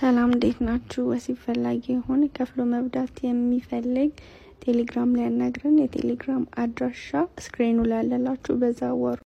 ሰላም እንዴት ናችሁ? ወሲብ ፈላጊ የሆነ ከፍሎ መብዳት የሚፈልግ ቴሌግራም ላይ ያናግረን። የቴሌግራም አድራሻ ስክሪኑ ላይ ያለላችሁ በዛ ወሩ